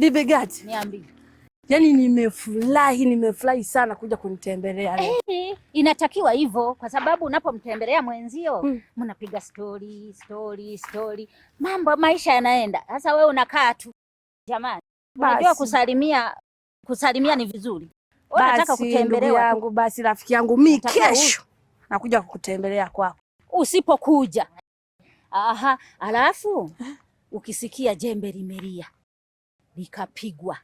Bibi Gati. Niambie. Yaani nimefurahi, nimefurahi sana kuja kunitembelea leo. Eh, inatakiwa hivyo kwa sababu unapomtembelea mwenzio hmm. mnapiga mm, stori, stori, stori. Mambo maisha yanaenda. Sasa wewe unakaa tu. Jamani, unajua kusalimia kusalimia ni vizuri. Unataka kutembelewa yangu basi rafiki yangu mi kesho nakuja kukutembelea kwako. Usipokuja. Aha, alafu ukisikia jembe limelia likapigwa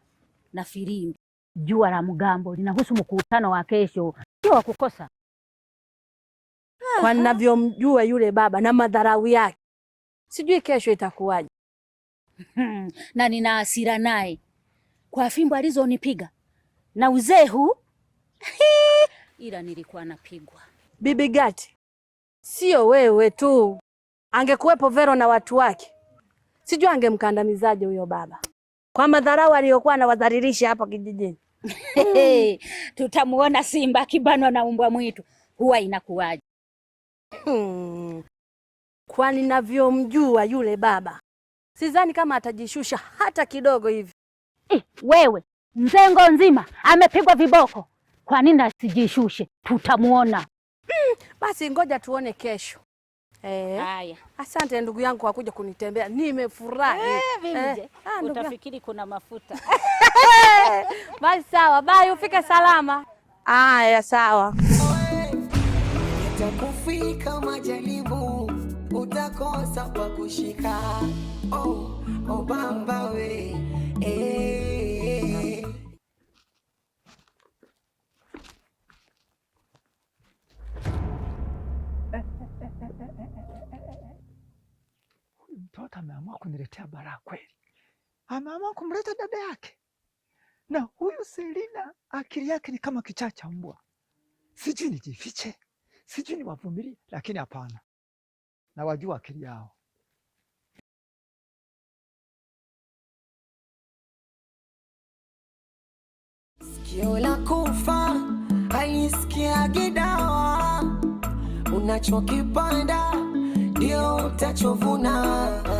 na filimbi. Jua la mgambo linahusu mkutano wa kesho, sio wa kukosa. Kwa ninavyomjua yule baba na madharau yake, sijui kesho itakuwaje. Hmm, na nina hasira naye kwa fimbo alizonipiga na uzee huu ila nilikuwa napigwa. Bibi Gati, sio wewe tu, angekuwepo Vero na watu wake, sijui angemkandamizaje huyo baba kwa madharau aliyokuwa anawadhalilisha hapa kijijini. tutamuona simba kibanwa na umbwa mwitu, huwa inakuwaje? Hmm, kwa ninavyomjua yule baba sidhani kama atajishusha hata kidogo hivi. Eh, wewe mzengo nzima amepigwa viboko, kwa nini asijishushe? Tutamuona. Hmm, basi ngoja tuone kesho Eh. Haya eh. Asante ndugu yangu kwa kuja kunitembea, nimefurahi eh, eh. Ah, utafikiri kuna mafuta basi. Sawa, bai, ufike salama. Haya, sawa. Utakufika majaribu, utakosa pa kushika. Oh, obamba oh, we eh. Baraka ameamua kuniletea baraa kweli, ameamua kumleta dada yake. Na huyu Selina akili yake ni kama kichaa cha mbwa, sijui nijifiche, sijui niwavumilie, lakini hapana, na wajua akili yao. Sikio la kufa halisikiagi dawa, unachokipanda ndio utachovuna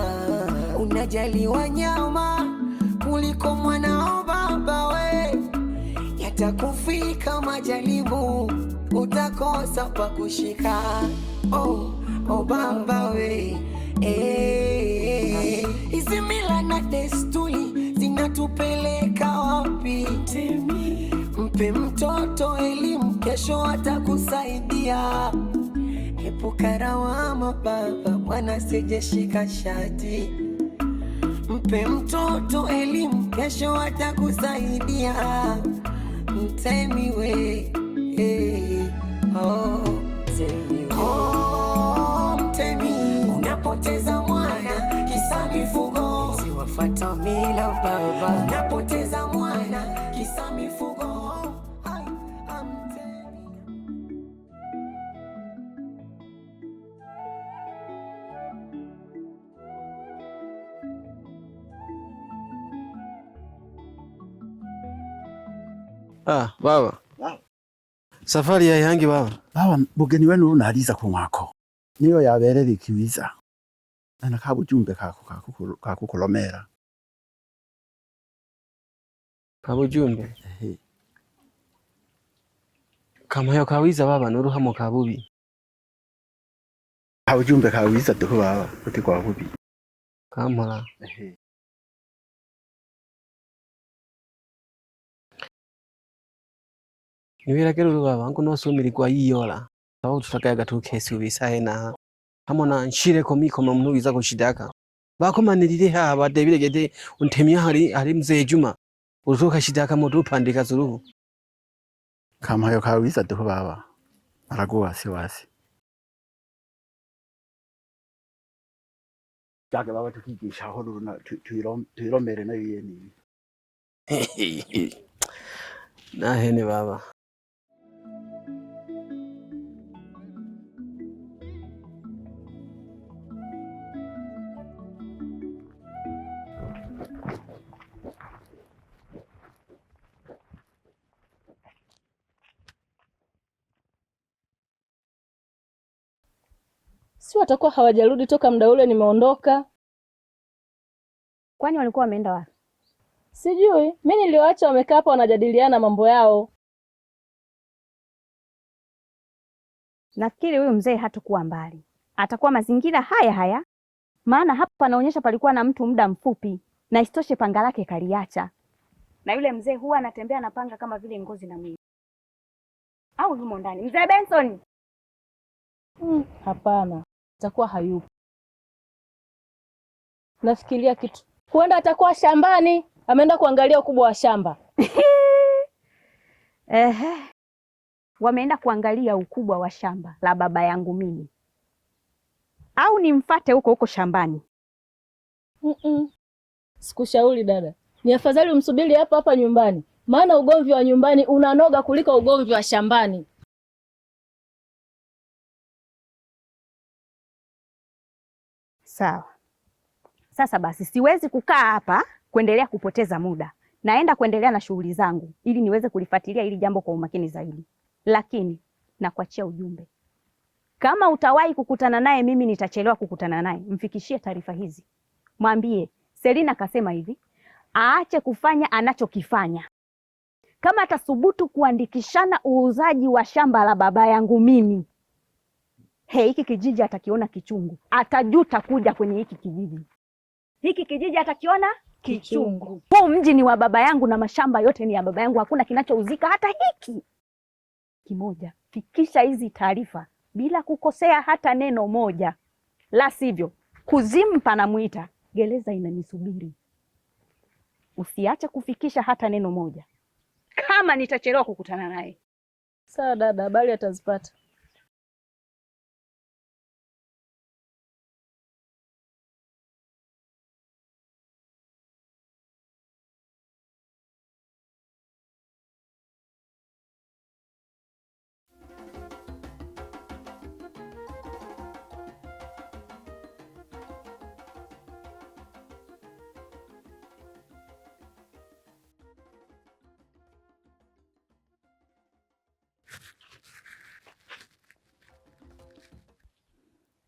unajali wanyama kuliko mwanao baba we, yatakufika majaribu utakosa pa kushika. Oh, oh baba we hizi eh, eh, eh. hizi mila na desturi zinatupeleka wapi? Mpe mtoto elimu, kesho atakusaidia. Epuka baba, mwana sijeshika shati Mpe mtoto elimu, kesho atakusaidia. Mtemi we, hey, oh, mtemi, oh, unapoteza mwana kisa mifugo, siwafata mila baba, unapoteza mwana kisa mifugo. Ah, baba. Baba. Safari ya yangi baba. Baba, mugeni wenu unaliza ku mwako. Niyo yaberera ikibiza. Ana kabujumbe kako kakukolomera. Kabujumbe. Eh. Kama yo kawiza baba nuruha mo kabubi. Kabu jumbe kawiza tuhu baba kutikuwa kubi. bubi. Kamara. Eh. Ibiragera uluka wangu nosumiligwa iyola sababu tutagayaga tukhesi ubisaena hamona nshileko mikoma mnuwiza kushidaka bakomanilile ha badebilegete untemia hali hali mzee Juma utuka shidaka pandika zuruhu kama yo kawiza tu baba arakuwa wasiwasi chake baba tukigisha aho runa tuiromere nayo yeni hene baba si watakuwa hawajarudi toka muda ule nimeondoka. Kwani walikuwa wameenda wapi? Sijui, mi niliwaacha wamekaa hapa wanajadiliana mambo yao. Nafikiri huyu mzee hatakuwa mbali, atakuwa mazingira haya haya, maana hapa panaonyesha palikuwa na mtu muda mfupi, na isitoshe panga lake kaliacha, na yule mzee huwa anatembea na panga kama vile ngozi na mwili. Au yumo ndani mzee Benson? Hmm, hapana atakuwa hayupo. Nafikiria kitu, huenda atakuwa shambani, ameenda kuangalia ukubwa wa shamba ehe, wameenda kuangalia ukubwa wa shamba la baba yangu mimi, au nimfate huko huko shambani? mm -mm. Sikushauri dada, ni afadhali umsubiri hapa hapa nyumbani, maana ugomvi wa nyumbani unanoga kuliko ugomvi wa shambani. Sawa. Sasa basi siwezi kukaa hapa kuendelea kupoteza muda. Naenda kuendelea na shughuli zangu ili niweze kulifuatilia hili jambo kwa umakini zaidi. Lakini nakuachia ujumbe. Kama utawahi kukutana naye, mimi nitachelewa kukutana naye. Mfikishie taarifa hizi. Mwambie Selina kasema hivi, aache kufanya anachokifanya. Kama atasubutu kuandikishana uuzaji wa shamba la baba yangu mimi He, hiki kijiji atakiona kichungu, atajuta kuja kwenye hiki kijiji. Hiki kijiji atakiona kichungu. Huu mji ni wa baba yangu na mashamba yote ni ya baba yangu, hakuna kinachouzika hata hiki kimoja. Fikisha hizi taarifa bila kukosea hata neno moja, la sivyo kuzimu panamwita, gereza inanisubiri. Usiache kufikisha hata neno moja, kama nitachelewa kukutana naye. Sawa dada, habari atazipata.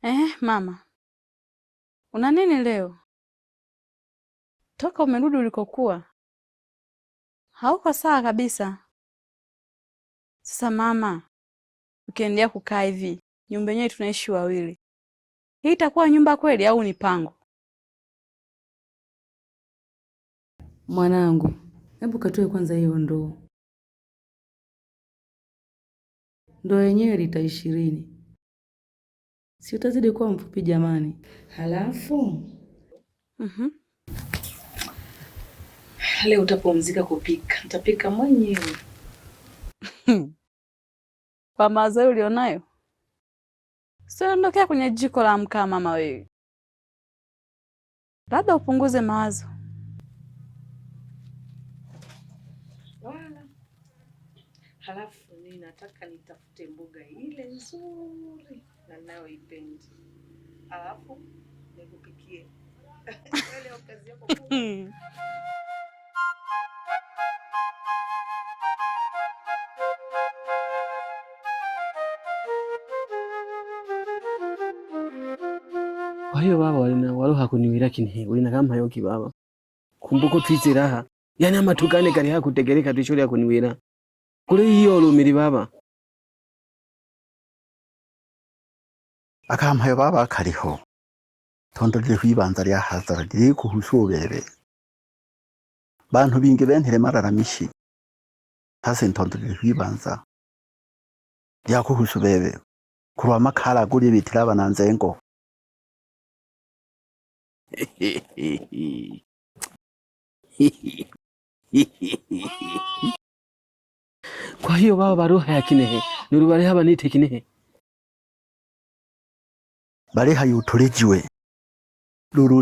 Eh, mama, una nini leo? Toka umerudi ulikokuwa hauko sawa kabisa. Sasa mama, ukiendelea kukaa hivi, nyumba yenyewe tunaishi wawili, hii itakuwa nyumba kweli au ni pango? Mwanangu, hebu katoe kwanza hiyo ndoo ndo yenyewe lita ishirini. Si utazidi kuwa mfupi jamani. Halafu mm-hmm. Leo utapumzika kupika, utapika mwenyewe kwa mazoea ulionayo. Siondokea kwenye jiko la mkaa mama wewe, labda upunguze mawazo. Halafu nataka nitafute mbuga ile nzuri na nayoipenda, alafu nikupikie. kazi yako kwa hiyo baba walina walinawaroha kuniwira kinhe ulina kama hayo kibaba kumbuko twizeraha yani ama tukane kari hakutegereka twishorera hakuniwira kuleiyo olumili baba akampayo baba kaliho tondolile hwibanza lya hazara lili kuhusu ubebe bantu bingi benhile malalamishi hasi ntondolile hwibanza lya kuhusu bebe makala makhala kuli bitila bananze hehehehe Kwa hiyo wao baroha ya Kinehe nuru bareha banite Kinehe bareha yutulijiwe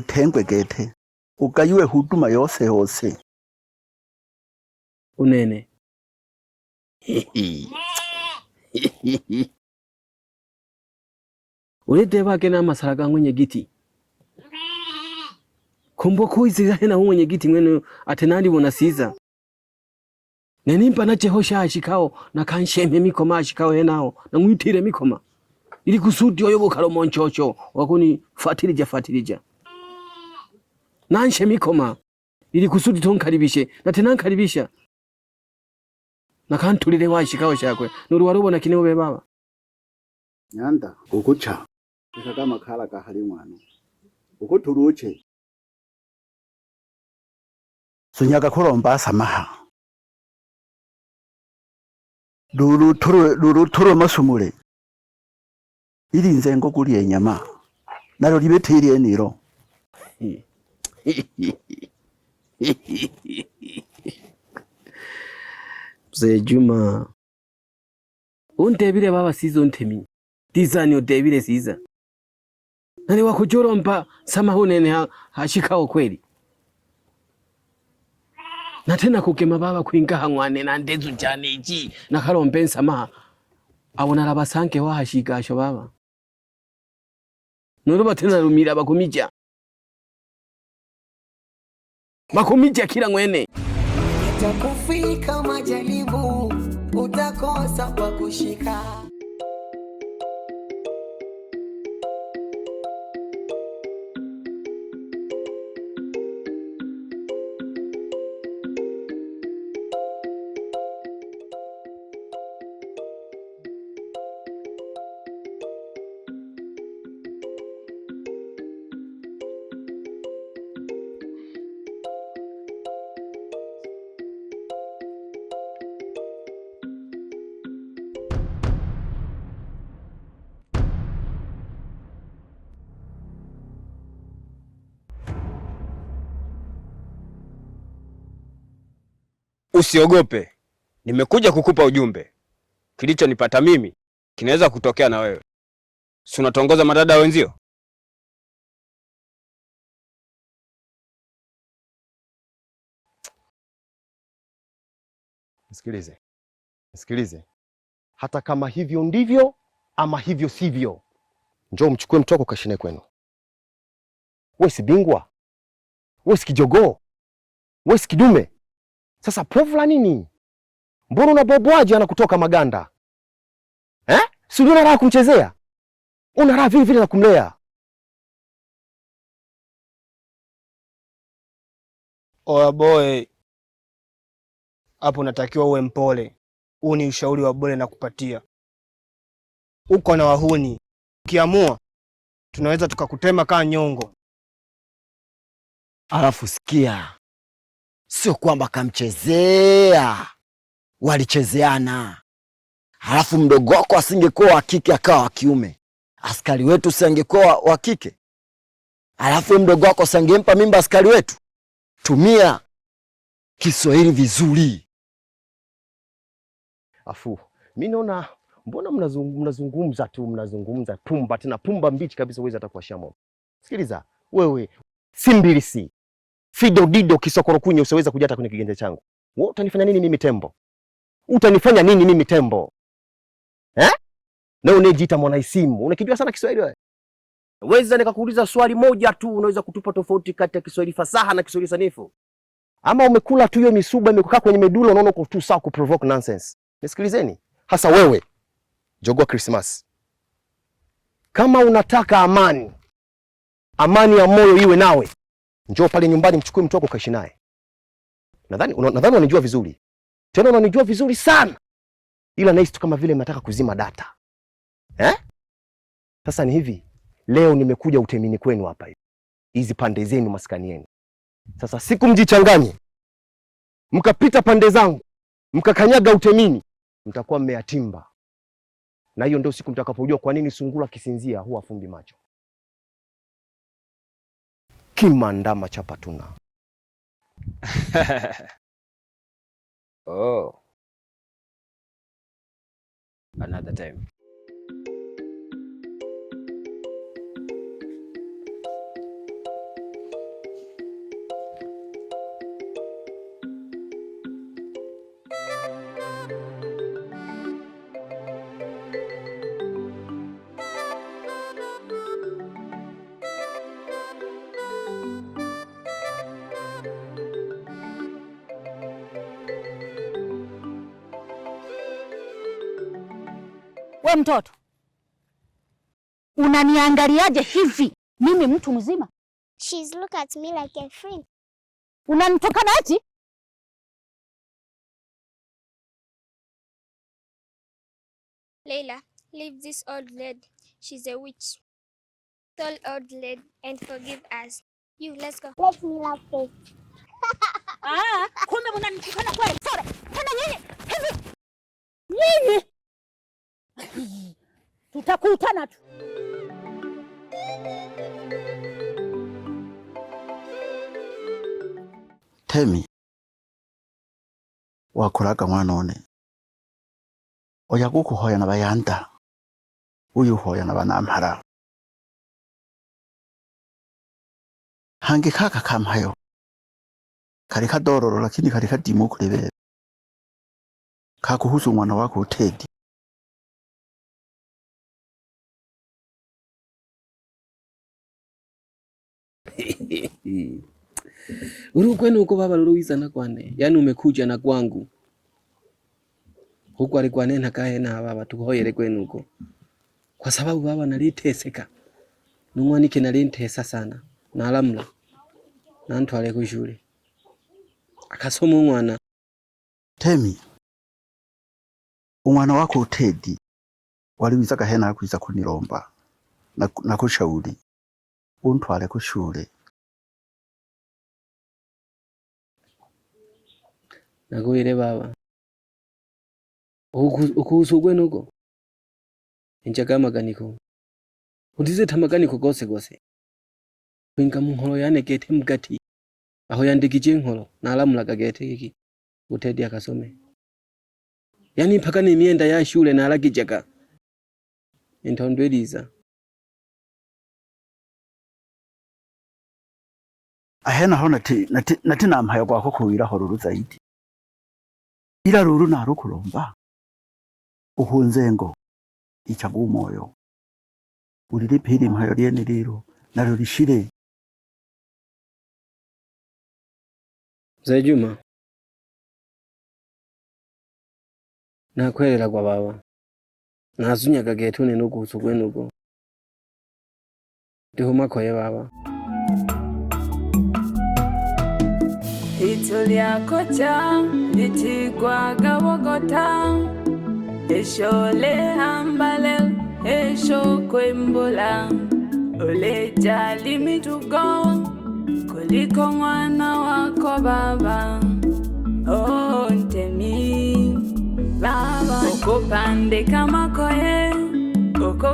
tengwe gete ugayiwe huduma yose yose unene mwenye giti kumbo kumbuka uizirahe mwenye giti mwenye atenandi nalibona siza nenimpa ashikao na kansheme mikoma ashikao na mwitire mikoma ili kusudi oyo bukalomo nchocho wakuni fatirija fatirija nanshe mikoma ili kusudi tonkaribishe natenankaribisha nakantulile wa ashikao shakwe nuri warubona kinewe baba nyanda ukucha ikagama kala kahali mwana ukutuluche sunyaga kulomba samaha luluthu lwamasumule ilinza engo kulya enyama naro libetile niro mzee juma untebile baba siza untemi dizani utebile siza nani wakujola mpa samahu nene hashikawo kweli tena kukema baba ng'wane na ndezu cyane iki nakalombe nsama abo narabasange wahashigasha baba noro batenarumira bakumija bakumija kila ng'wene utakufika majaribu utakosa pakushika Usiogope, nimekuja kukupa ujumbe. Kilichonipata mimi kinaweza kutokea na wewe. Si unatongoza madada wenzio? Nisikilize, nisikilize, hata kama hivyo ndivyo ama hivyo sivyo, njoo mchukue mtoko wako kashine kwenu. We si bingwa, we si kijogoo, we si kidume sasa povu la nini? Mbona unabobwaje anakutoka maganda eh? Si una raha kumchezea, una raha vile vile na kumlea. Oya boy, hapo unatakiwa uwe mpole. Huu ni ushauri wa bure na kupatia, uko na wahuni, ukiamua tunaweza tukakutema kaa nyongo. Alafu sikia sio kwamba kamchezea, walichezeana. Halafu mdogo wako asingekuwa wa kike akawa wa kiume, askari wetu si angekuwa wa kike? Halafu mdogo wako sangempa mimba askari wetu? Tumia Kiswahili vizuri. Afu mi naona mbona mnazungumza tu mnazungumza pumba tena pumba mbichi kabisa, uwezi hata kuwashamo. Sikiliza wewe, si mbilisi Fido dido kisokoro kunye usiweza kuja hata kwenye kiganja changu. Wewe utanifanya nini mimi tembo? Utanifanya nini mimi tembo? Eh? Na unajiita mwana isimu, unakijua sana Kiswahili wewe. Weza nikakuuliza swali moja tu, unaweza kutupa tofauti kati ya Kiswahili fasaha na Kiswahili sanifu? Ama umekula tu hiyo misuba imekukaa kwenye medulo, unaona uko tu sawa ku provoke nonsense. Nisikilizeni, hasa wewe jogwa Christmas. Kama unataka amani, amani ya moyo iwe nawe Njoo pale nyumbani mchukue mtu wako kaishi naye. Nadhani nadhani unanijua vizuri. Tena unanijua vizuri sana. Ila nahisi tu kama vile nataka kuzima data. Eh? Sasa ni hivi. Leo nimekuja utemini kwenu hapa hivi. Hizi pande zenu maskani yenu. Sasa siku mjichanganye. Mkapita pande zangu. Mkakanyaga utemini. Mtakuwa mmeyatimba. Na hiyo ndio siku mtakapojua kwa nini sungura kisinzia huwa fumbi macho. Kimandama chapatuna. Oh. Another time. We mtoto unaniangaliaje hivi? Mimi mtu mzima. She's look at me like a friend. Unanitokana eti Leila, leave this old lady. She's a witch. Tell old lady and forgive us. You, let's go. Let me love you. Ah, kumbe unanitukana kweli. Sorry. Tutakutana tu. Temi wakolaga mwana one oya gukuhoya na bayanda uyuhoya na banampara hangi kaka kamhayo kari kadororo lakini kari kadimu kakuhusu mwana wako utedi Uru kwenu uko baba na kwane. Yani umekuja na kwangu. Huko alikuwa nena kae na baba tuhoyere kwenu uko. Kwa sababu baba naliteseka. Numwanike nalintesa sana. Na Nantwale wale shule. Akasomu umwana. Temi. Umwana wako Tedi waliwizaga hena akwiza kunilomba na, na kushauri untwale ku shure nagwire baba ukusugwe nuko inje akamaganiko udize tamaganiko gose gose kwinga mu yane gete mugati aho yandigije inkoro nalamulaga gete iki utedi akasome yani mpaka ni mienda ya shule nalagijaga intondweliza ahe naho nati nampaye gwako kuwira ruru zaidi ira ruru uhunze uhunzengo ichagu umoyo ulilipili mhayo lyene lilo nalo lishire mzee Juma nakwelela gwa baba nazunyaga getune nugusu gwenugo ndihuma koye baba litulyakotya litigwagawogota esho hambale esho kwembula uleja limitugo kuliko mwana wako baba oh, ntemi baba ukupandika makoye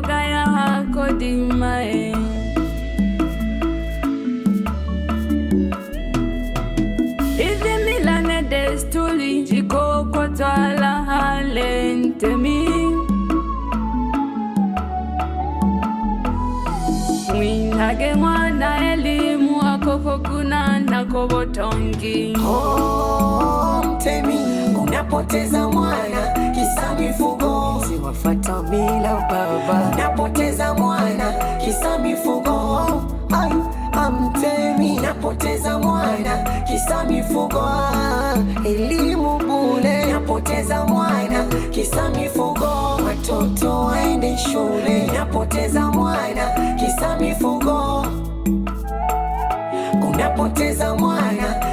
gaya hako dimae jiko kwa twala halentemi mwinage mwana elimu akoko kuna nakobotongi oh, unapoteza mwana kisa mifugo siwafata bila baba unapoteza mwana kisa mifugo mtemi, napoteza mwana kisa mifugo. Elimu bure, napoteza mwana kisa mifugo. Watoto waende shule, napoteza mwana kisa mifugo. Unapoteza mwana